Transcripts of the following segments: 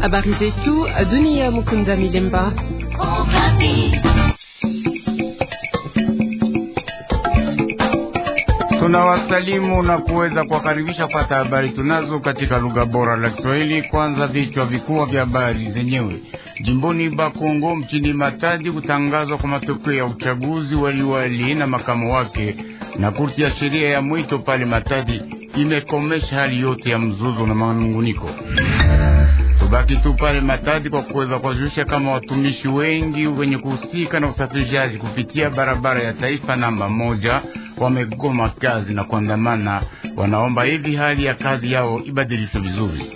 Habari zetu dunia. Mukunda Milemba. Tunawasalimu na kuweza kuwakaribisha kupata habari tunazo katika lugha bora la Kiswahili. Kwanza vichwa vikubwa vya habari zenyewe. Jimboni Bakongo mchini Matadi kutangazwa kwa matokeo ya uchaguzi waliwali na makamo wake na kurti ya sheria ya mwito pale Matadi imekomesha hali yote ya mzozo na manunguniko. Tubaki tu pale Matadi kwa kuweza kuwajulisha kama watumishi wengi wenye kuhusika na usafirishaji kupitia barabara ya taifa namba moja wamegoma kazi na kuandamana, wanaomba hivi hali ya kazi yao ibadilishwe vizuri.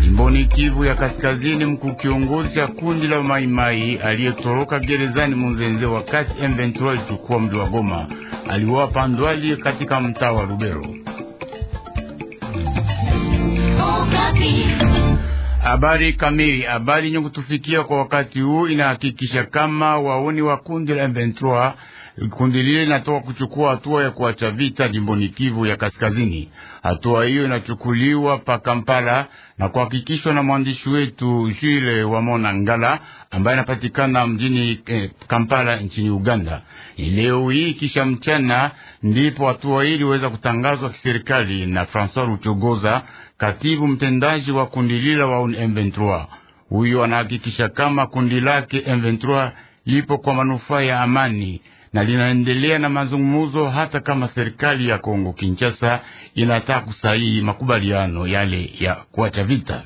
Jimboni Kivu ya Kaskazini, mkuu kiongozi ya kundi la Maimai aliyetoroka gerezani Munzenze wakati M23 ilichukua mji wa Goma aliwapa ndwali katika mtaa wa Lubero. Habari kamili, habari yenye kutufikia kwa wakati huu inahakikisha kama waoni wa kundi la M23, kundi lile linatoka kuchukua hatua ya kuacha vita jimboni Kivu ya Kaskazini. Hatua hiyo inachukuliwa pa Kampala na kuhakikishwa na mwandishi wetu Jule Wamona Ngala ambaye anapatikana mjini eh, Kampala nchini Uganda. Leo hii kisha mchana ndipo hatua hii iliweza kutangazwa kiserikali na Francois Ruchogoza, katibu mtendaji wa kundi lila wa M23. Huyo anahakikisha kama kundi lake M23 lipo kwa manufaa ya amani na linaendelea na mazungumzo hata kama serikali ya Kongo Kinshasa inataka kusahihi makubaliano yale ya kuacha vita.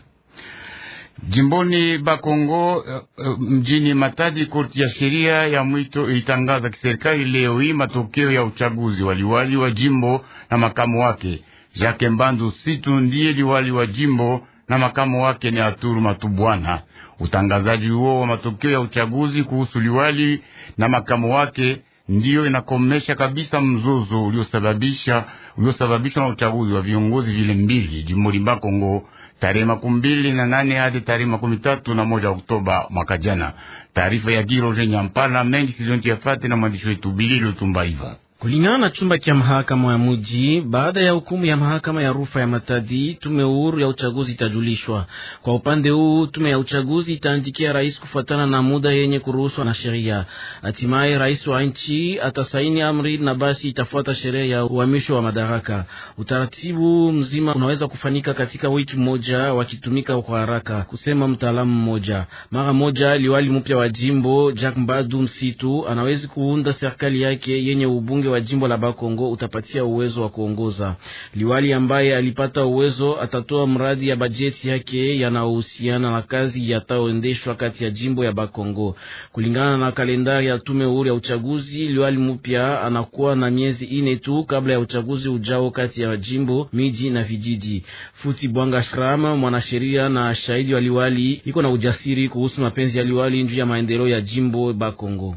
Jimboni Bakongo, eh, eh, mjini Matadi, korti ya sheria ya mwito ilitangaza kiserikali leo hii matokeo ya uchaguzi waliwali wa jimbo na makamu wake. Jacques Mbandu Situ ndiye liwali wa jimbo na makamu wake ni Aturu Matubwana. Utangazaji huo wa matokeo ya uchaguzi kuhusu liwali na makamu wake ndiyo inakomesha kabisa mzozo uliosababisha uliosababishwa na uchaguzi wa viongozi vile mbili jimboni Kongo tarehe makumi mbili na nane hadi tarehe makumi tatu na moja Oktoba mwaka jana. Taarifa ya Giroje Nyampala mengi sizonti yafati na mwandishi wetu Bilili Otumbaiva. Kulingana na chumba cha mahakama ya mji, baada ya hukumu ya mahakama ya rufa ya Matadi, tume huru ya uchaguzi itajulishwa. Kwa upande huu, tume ya uchaguzi itaandikia rais kufuatana na muda yenye kuruhuswa na sheria. Hatimaye rais wa nchi atasaini amri na basi itafuata sheria ya uhamisho wa madaraka. Utaratibu mzima unaweza kufanyika katika wiki moja, wakitumika kwa haraka, kusema mtaalamu mmoja. Mara moja, liwali mpya wa jimbo Jack Mbadu Msitu anawezi kuunda serikali yake yenye ubungi bunge wa jimbo la Bakongo utapatia uwezo wa kuongoza. Liwali ambaye alipata uwezo atatoa mradi ya bajeti yake yanayohusiana na kazi yataoendeshwa kati ya jimbo ya Bakongo kulingana na kalendari ya tume huru ya uchaguzi. Liwali mpya anakuwa na miezi ine tu kabla ya uchaguzi ujao kati ya jimbo, miji na vijiji. Futi Bwanga Shrama, mwanasheria na shahidi wa liwali, iko na ujasiri kuhusu mapenzi ya liwali juu ya maendeleo ya jimbo Bakongo.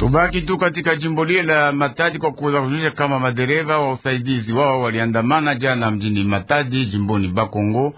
Tubaki tu katika jimbo lile la Matadi kwa kuweza kujulisha kama madereva wa usaidizi wao waliandamana jana mjini Matadi jimboni Bakongo.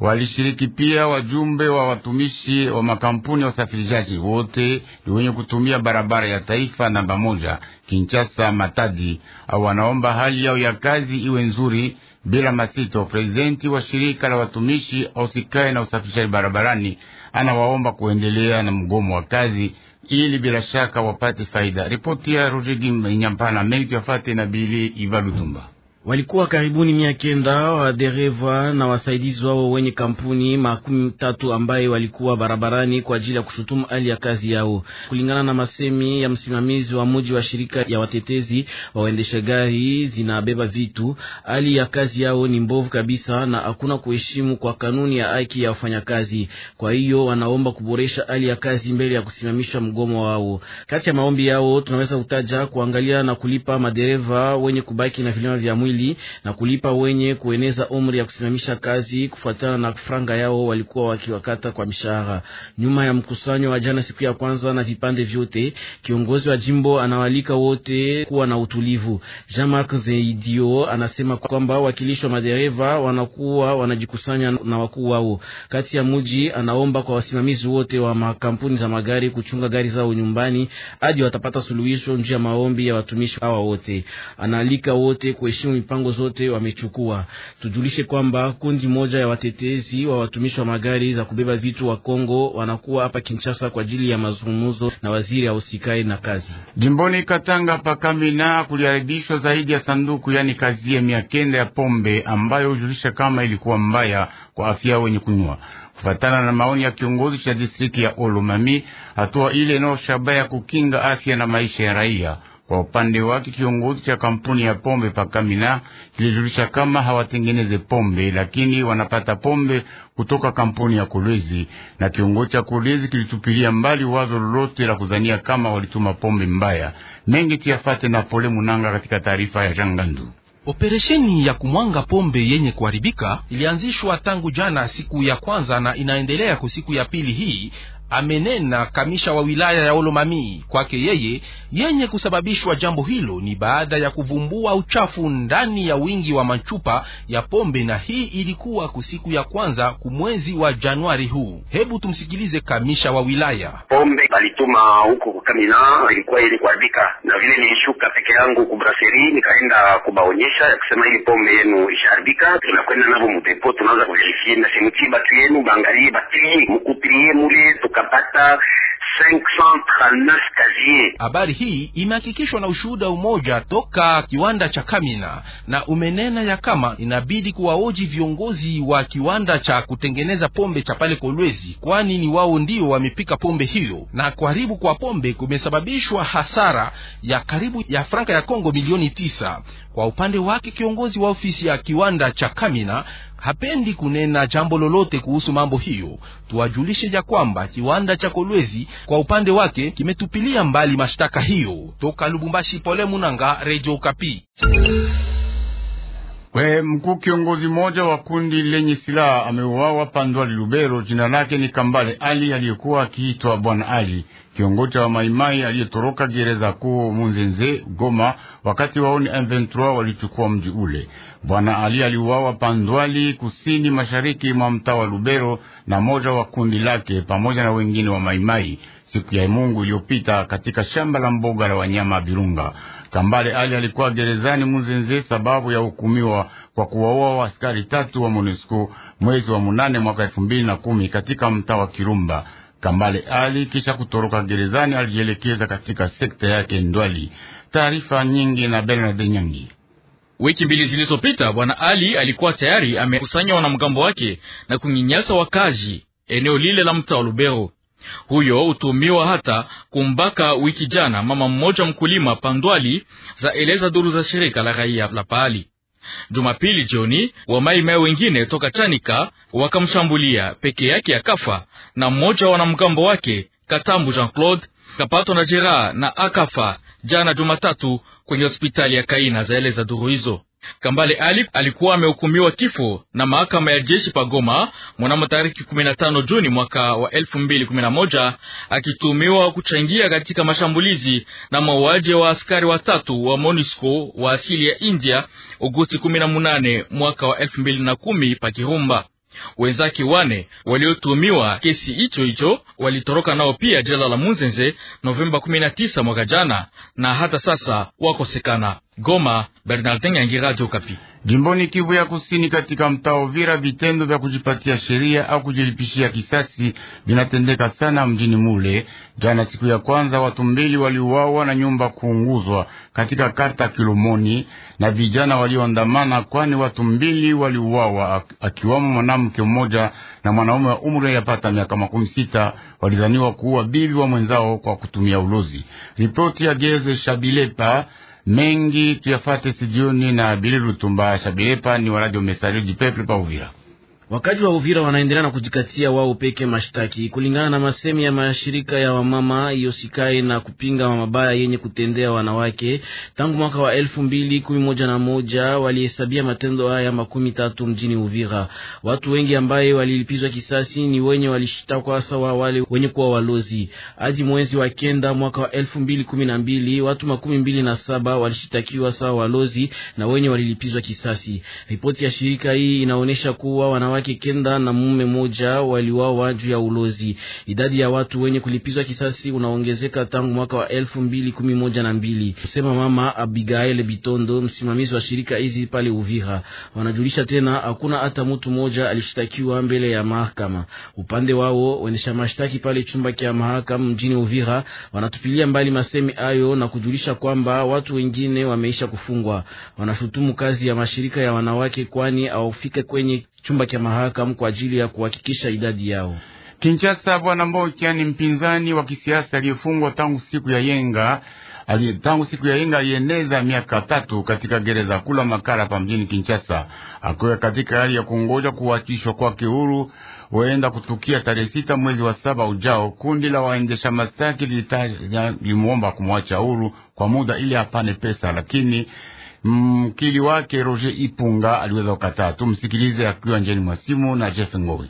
Walishiriki pia wajumbe wa watumishi wa makampuni ya usafirishaji wote wenye kutumia barabara ya taifa namba moja Kinshasa Matadi. Au wanaomba hali yao ya kazi iwe nzuri bila masito. Prezidenti wa shirika la watumishi ausikae na usafirishaji barabarani anawaomba kuendelea na mgomo wa kazi ili bila shaka wapate faida. Ripoti ya Roger Nyampana mengi na Bili Ivalutumba walikuwa karibuni mia kenda wadereva na wasaidizi wao wenye kampuni makumi tatu ambaye walikuwa barabarani kwa ajili ya kushutumu hali ya kazi yao, kulingana na masemi ya msimamizi wa muji wa shirika ya watetezi waendesha gari zinabeba vitu. Hali ya kazi yao ni mbovu kabisa na hakuna kuheshimu kwa kanuni ya haki ya wafanyakazi. Kwa hiyo wanaomba kuboresha hali ya kazi mbele ya kusimamisha mgomo wao. Kati ya maombi yao tunaweza kutaja kuangalia na kulipa madereva wenye kubaki na vilema vya mwili Kiswahili na kulipa wenye kueneza umri ya kusimamisha kazi kufuatana na franga yao walikuwa wakiwakata kwa mishahara. Nyuma ya mkusanyo wa jana siku ya kwanza na vipande vyote, kiongozi wa jimbo anawalika wote kuwa na utulivu. Jean-Marc Zeidio anasema kwamba wakilishi wa madereva wanakuwa wanajikusanya na wakuu wao kati ya mji. Anaomba kwa wasimamizi wote wa makampuni za magari kuchunga gari zao nyumbani hadi watapata suluhisho njia maombi ya watumishi hawa wote. Anaalika wote kuheshimu mipango zote wamechukua. Tujulishe kwamba kundi moja ya watetezi wa watumishi wa magari za kubeba vitu wa Kongo wanakuwa hapa Kinshasa kwa ajili ya mazungumzo na waziri ausikai na kazi jimboni Katanga. Pakamina kuliharibishwa zaidi ya sanduku yani kazi ya mia kenda ya pombe ambayo hujulisha kama ilikuwa mbaya kwa afya wenye kunywa. Kufatana na maoni ya kiongozi cha distriki ya Olomami, hatua ile inayo shabaha ya kukinga afya na maisha ya raia kwa upande wake kiongozi cha kampuni ya pombe Pakamina kilijulisha kama hawatengeneze pombe, lakini wanapata pombe kutoka kampuni ya Kolwezi, na kiongozi cha Kolwezi kilitupilia mbali wazo lolote la kuzania kama walituma pombe mbaya. Mengi tuyafate na Pole Munanga katika taarifa ya Jangandu. Operesheni ya kumwanga pombe yenye kuharibika ilianzishwa tangu jana siku ya kwanza na inaendelea kwa siku ya pili hii amenena kamisha wa wilaya ya Olomami. Kwake yeye, yenye kusababishwa jambo hilo ni baada ya kuvumbua uchafu ndani ya wingi wa machupa ya pombe, na hii ilikuwa kusiku ya kwanza kumwezi wa Januari huu. Hebu tumsikilize kamisha wa wilaya. Pombe balituma huko kukamina, ilikuwa ili kuharibika, na vile nilishuka peke yangu kubraseri, nikaenda kubaonyesha ya kusema ili pombe yenu ishaharibika, tunakwenda navo mudepo, tunaanza kuverifie na semuti batu yenu baangalie batrie mukutrie mule ukapata 539 kazier. Habari hii imehakikishwa na ushuhuda umoja toka kiwanda cha Kamina na umenena ya kama inabidi kuwaoji viongozi wa kiwanda cha kutengeneza pombe cha pale Kolwezi, kwani ni wao ndio wamepika pombe hiyo, na kuharibu kwa pombe kumesababishwa hasara ya karibu ya franka ya Kongo milioni tisa. Kwa upande wake kiongozi wa ofisi ya kiwanda cha Kamina hapendi kunena jambo lolote kuhusu mambo hiyo. Tuwajulishe ya kwamba kiwanda cha Kolwezi kwa upande wake kimetupilia mbali mashtaka hiyo. Toka Lubumbashi, Pole Munanga, radio Kapi. We mkuu kiongozi mmoja wa kundi lenye silaha ameuawa Pandwali Lubero. Jina lake ni Kambale Ali aliyekuwa akiitwa Bwana Ali, kiongozi wa Maimai aliyetoroka gereza kuu Munzenze Goma wakati waoni M23 walichukua mji ule. Bwana Ali aliuawa Pandwali, kusini mashariki mwa mtaa wa Lubero na moja wa kundi lake pamoja na wengine wa Maimai siku ya Mungu iliyopita katika shamba la mboga la wanyama Birunga. Kambale Ali alikuwa gerezani muzenze sababu ya hukumiwa kwa kuwaua askari tatu wa MONUSCO mwezi wa munane mwaka elfu mbili na kumi katika mtaa wa Kirumba. Kambale Ali kisha kutoroka gerezani alijielekeza katika sekta yake Ndwali. Taarifa nyingi na Bernard Nyangi. Wiki mbili zilizopita, bwana Ali alikuwa tayari amekusanya wanamgambo wake na kunyinyasa wakazi eneo lile la mtaa wa Lubero. Huyo hutumiwa hata kumbaka. Wiki jana mama mmoja mkulima Pandwali za eleza duru za shirika la raia la pahali. Jumapili jioni wamaimai wengine toka Chanika wakamshambulia peke yake, akafa na mmoja wa wanamgambo wake Katambu Jean Claude kapatwa na jeraha na akafa jana Jumatatu kwenye hospitali ya Kaina, zaeleza duru hizo. Kambale Ali alikuwa amehukumiwa kifo na mahakama ya jeshi pagoma mnamo tariki 15 Juni mwaka wa 2011 akitumiwa kuchangia katika mashambulizi na mauaji wa askari watatu wa MONUSCO wa asili ya India Agosti 18 mwaka wa 2010 pakirumba wenzake wane waliotumiwa kesi hicho hicho walitoroka nao pia jela la Munzenze Novemba 19 mwaka jana, na hata sasa wakosekana. Goma, Bernardin Nyangi, Radio Kapi. Jimboni Kivu ya Kusini, katika mtaa Uvira, vitendo vya kujipatia sheria au kujilipishia kisasi vinatendeka sana mjini mule. Jana siku ya kwanza, watu mbili waliuawa na nyumba kuunguzwa katika karta Kilomoni na vijana walioandamana, kwani watu mbili waliuawa akiwamo mwanamke mmoja na mwanaume wa umri yapata miaka makumi sita walizaniwa kuua bibi wa mwenzao kwa kutumia ulozi. Ripoti ya Geze Shabilepa mengi tuyafate studioni na Bili Lutumba Shabilepa ni wa Radio Message du Peuple pa Uvira. Wakazi wa Uvira wanaendelea na kujikatia wao peke mashtaki, kulingana na masemi ya mashirika ya wamama yosikae na kupinga mabaya yenye kutendea wanawake. Tangu mwaka wa elfu mbili kumi moja na moja walihesabia matendo haya makumi tatu mjini Uvira. Watu wengi ambaye walilipizwa kisasi ni wenye walishitakwa wa wale wenye kuwa walozi. Hadi mwezi wa kenda mwaka wa elfu mbili kumi na mbili watu makumi mbili na saba walishitakiwa sawa walozi na wenye walilipizwa kisasi. Ripoti ya shirika hii inaonyesha kuwa wanawake wanawake kenda na mume moja waliwawa juu ya ulozi. Idadi ya watu wenye kulipizwa kisasi unaongezeka tangu mwaka wa elfu mbili kumi moja na mbili, sema Mama Abigail Bitondo, msimamizi wa shirika hizi pale Uvira. Wanajulisha tena hakuna hata mtu mmoja alishitakiwa mbele ya mahakama. Upande wao waendesha mashtaki pale chumba cha mahakama mjini Uvira wanatupilia mbali masemi hayo na kujulisha kwamba watu wengine wameisha kufungwa. Wanashutumu kazi ya mashirika ya wanawake, kwani hawafike kwenye chumba cha mahakama kwa ajili ya kuhakikisha idadi yao. Kinshasa, bwana Mboka ni mpinzani wa kisiasa aliyefungwa tangu siku ya yenga ali, tangu siku ya yenga aliendeza miaka tatu katika gereza kula makala pa mjini Kinshasa, akiwa katika hali ya kungoja kuachishwa kwake huru, waenda kutukia tarehe sita mwezi wa saba ujao. Kundi la waendesha mashtaki lilimuomba kumwacha huru kwa muda ili apane pesa, lakini mkili wake Roger Ipunga aliweza kukataa. Tumsikilize akiwa njeni mwa simu na Jeff Ngowi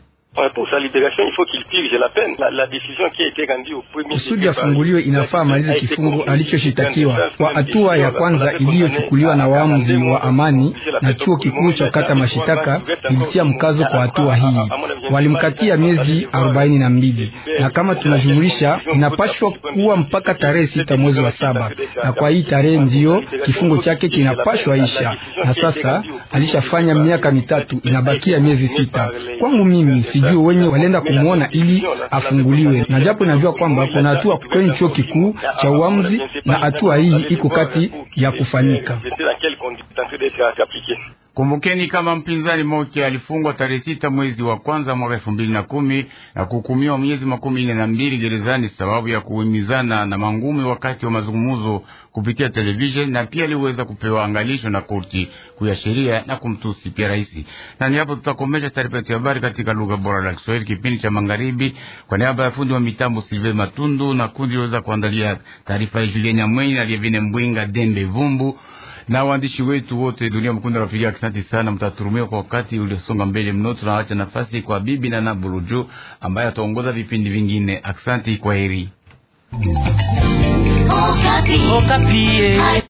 pour sa libération, il faut qu'il purge la peine. La, la decision qui a été rendue au premier kusudi afunguliwe, inafaa amalize kifungo alichoshitakiwa. Kwa hatua ya kwanza iliyochukuliwa na waamuzi wa amani na chuo kikuu cha kata mashitaka ilitia mkazo kwa hatua hii, walimkatia miezi arobaini na mbili na kama tunajumulisha inapashwa kuwa mpaka tarehe sita mwezi wa saba, na kwa hii tarehe ndiyo kifungo chake kinapashwa isha, na sasa alishafanya miaka mitatu, inabakia miezi sita. Kwangu mimi si sijui wenye walenda kumwona ili afunguliwe, na japo inajua kwamba kuna hatua kwenye chuo kikuu cha uamuzi, na hatua hii iko kati ya kufanyika. Kumbukeni kama mpinzani moja alifungwa tarehe sita mwezi wa kwanza mwaka elfu mbili na kumi na kuhukumiwa miezi makumi nne na mbili gerezani sababu ya kuhimizana na mangumi wakati wa mazungumzo kupitia televisheni, na pia aliweza kupewa angalisho na korti kuu ya sheria na kumtusi pia rais. Na ni hapo tutakomesha taarifa yetu ya habari katika lugha bora la Kiswahili, kipindi cha magharibi. Kwa niaba ya fundi wa mitambo Silve Matundu na kundi liweza kuandalia taarifa ya Julien Nyamwenyi na Lievine Mbwinga Dembe Vumbu na waandishi wetu wote dunia mkunda rafiki, asante sana, mtaturumia kwa wakati uliosonga mbele mno. Tunaacha nafasi kwa bibi na Buluju ambaye ataongoza vipindi vingine. Asante, kwa heri.